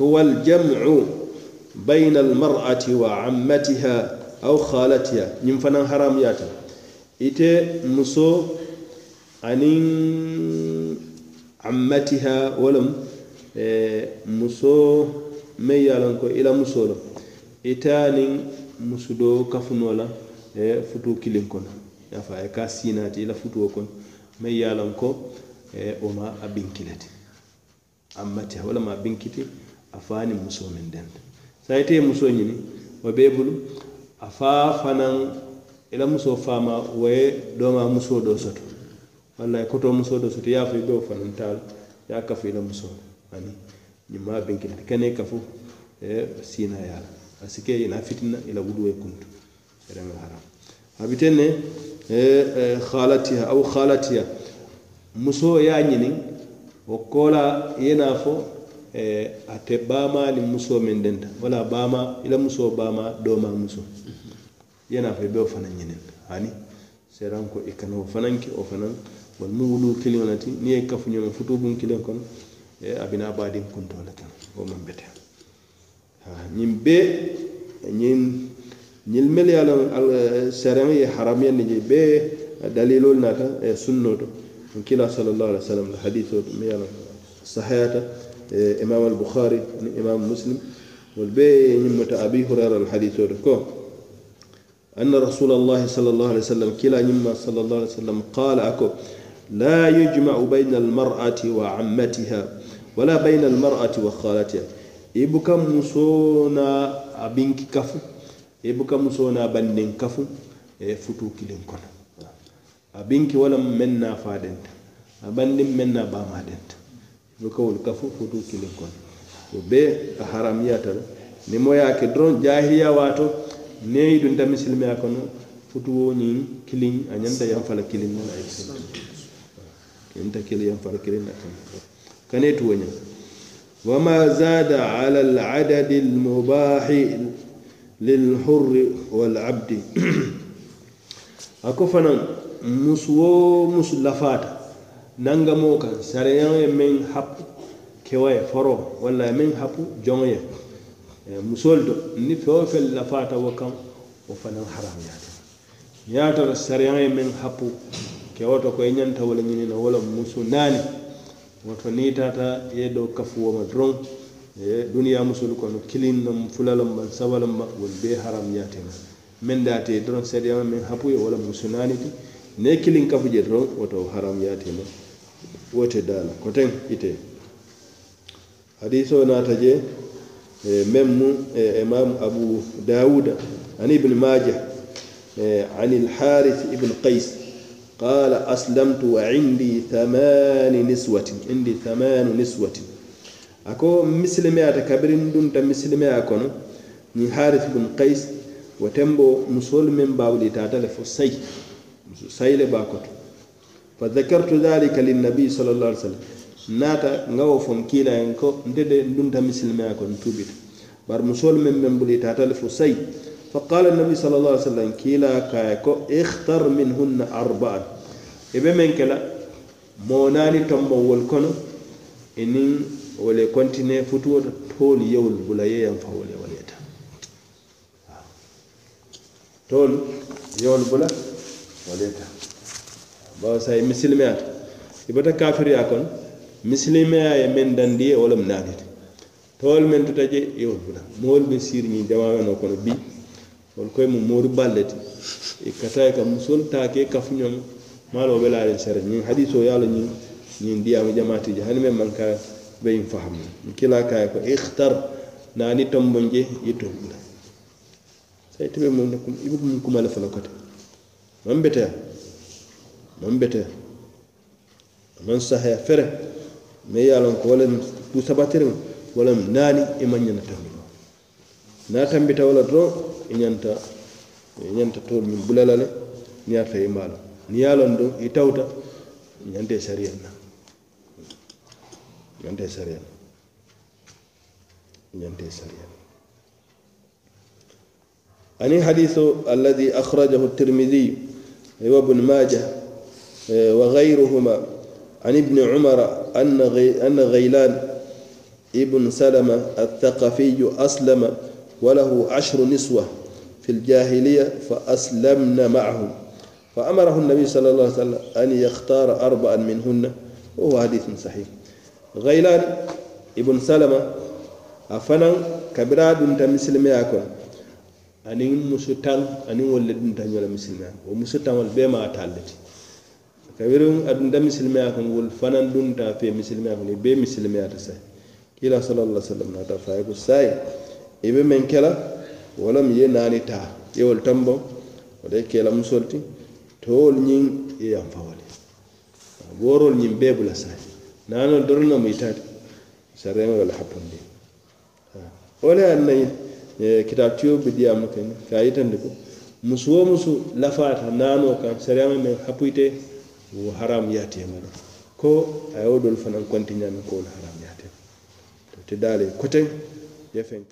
wal jam'u bayna almar'ati wa ammatiha aw khalatiha ñiŋ fanaŋ haramuyata ite muso anin ammatiha walam eh, muso mai ye a ko i muso lo ita nin musudo kafunoo la eh, futuu kiliŋ kono ya a ye eh, ka siinaati i la futuo kono meŋ ko ee o maa a binkile ti amma te wala maa binkiti a faani musoo meŋ denta saa ite ye musoo ñini wo bee bulu a faa fanaŋ i la musoo faama wo ye doomaa musoo doo soto walla i kotoo musoo doo soto i ye e, a fo i be wo fanantaa la i ye a kafu i la musoo la ani ñiŋ maa binkile ti kene i kafu ee siinaa ye a la parce que i naa fitina i la wuluwo ye kuntu sereŋo haram abiteŋ ne ee ee xaalatiya aw xaalatiya. muso ya ñinin wo kola yena fo eh, ate bama ni muso min denta wala bama ila muso bama doma muso yena fo ibe o fana ñinin hani seran ko ikano fananke o fanan bon mu wulu kilionati ni ye kafuñoma futu bun kilen kono e eh, abina badin kuntole tan o man bete ñin be ñin ñilmel yala al, al, seran ye haramiyandi je be dalilol nata e eh, sunno to كلا صلى الله عليه وسلم الحديث yana sahayata إمام البخاري إمام مسلم muslim wal أبي هريرة الحديث hurairah أن رسول الله صلى الله عليه وسلم كلا نما صلى الله عليه وسلم قال أكو لا يجمع بين المرأة وعمتها ولا بين المرأة وخالتها إبكا مسونا أبنك كفو إبكا مسونا بندن كفو إيه، فتو كلين abinki wala menna fadenta abandin menna ba madenta ibe kawol kafu futu kilin kon to be a haramiyata le ni mo ke dron jahiliya wato ne dun da ya kono futu woni kilin a ñanta fala kilin na ay kenta kili ta kilin na kan kane tuwo ñin وما زاد على العدد المباح للحر والعبد أكفنا musu wo musu lafata nangamo kan sariya ye men hapu kewaye foro walla ye men hapu jonye e, musol do ni feo fe lafata wo kan o fana haram yata yata sariya ye men hapu kewoto ko ñanta wala ñinina wala musu nani woto ni tata ye do kafu woma dron e duniya musul ko no kilin no fulalam man sabalam ma wol be haram yatina men daate dron sariya men hapu ye wala musu nani ti ne kilin kafu jeti ron woto haram yaati no wote dana koten ite hadiso naata je e, mem mu e, imam abu dauda an ibn maja e, an lharis ibn qais قال أسلمت وعندي ثمان نسوة عندي ثمان نسوة أكو مسلمة كبرين دون تمسلمة أكون نهارث بن قيس وتمبو مسلم من باولي تاتل فسي sayile bakoto fa dhakartu dhalika linnabi sal llah ali sallam naata ngawo fom kiilayen ko nte de ndunta misilimeya ko n tuubita bar musol men men mbuli taatale fo sayi fa qala nabi sal llah ali sallam kiila kaye ko ikhtar minhunna arbaan e ɓe men kela moonaani tombowol kono enin wole continue futuwoto tool yewol bula yeyan fa wole waleta tool yewol bula walita bawo sa misilimeyata ibata kafiriya kon misilimeya ye men dandiye wolam naadite towol men tota je iwol e buna mool be siriñi jamaweno kono bi wol koye mu moori balleti i e kataye ka musol taake kafuñom maalo o welaale sere ñiŋ hadiso yaalo ñiŋ ñiŋ diyaamu jamaati je hani men manka beyin fahamu n kila kaye ko ikhtar naani tombon je ye tol buna sa tibe mu ne kum ibe mum kumale falo kote man beteya man beteya aman sahaya fere ma ye lon ko walla ku sabatiriŋ walla naani i e maŋ ñanta tolumo na tambita wala doroŋ i e ñanta i e ñanta tool miŋ bulala le niŋ yata i maa loŋ niŋ ye loŋ doŋ i tawuta i ñante sariyaŋ na ñante sariyaŋ na ñante sariyaŋ na aniŋ hadiso allazi akhrajahu tirmidiyu وابن ماجه آه، وغيرهما عن ابن عمر أن أن غيلان ابن سلمة الثقفي أسلم وله عشر نسوة في الجاهلية فأسلمن معه فأمره النبي صلى الله عليه وسلم أن يختار أربعا منهن وهو حديث صحيح غيلان ابن سلمة أفنن كبراد تمسلم ياكل aniŋ musu taŋ aniŋ wolu le duntaŋ ñola misilimeya wo musu taŋ wolu bee maa taalu le ti kabiriŋ a dunta misilimeya kono wolu fanaŋ duntaŋ fee misilimeya kono i bee misilimeya ti sayi kiila sala allah sallam naata fo a ye ko sayi i be meŋ kela wo lemu ye naani taa i ye wolu taŋ boŋ wo la i keela musolu ti to wolu ñiŋ i ye yanfa wo le booroolu ñiŋ bee bula sayi naanoolu doroŋ na mu itaati sariyaŋo yo la hapundi wo le ye a naña E kitab tiyo be diyama ken ka yitande ko musu wo musu lafata nano kan sariyama men hapuyte wo haram yatema e ɗo ko a yewdol fanan kontiñame kowol haram yatema to te daale coten yefen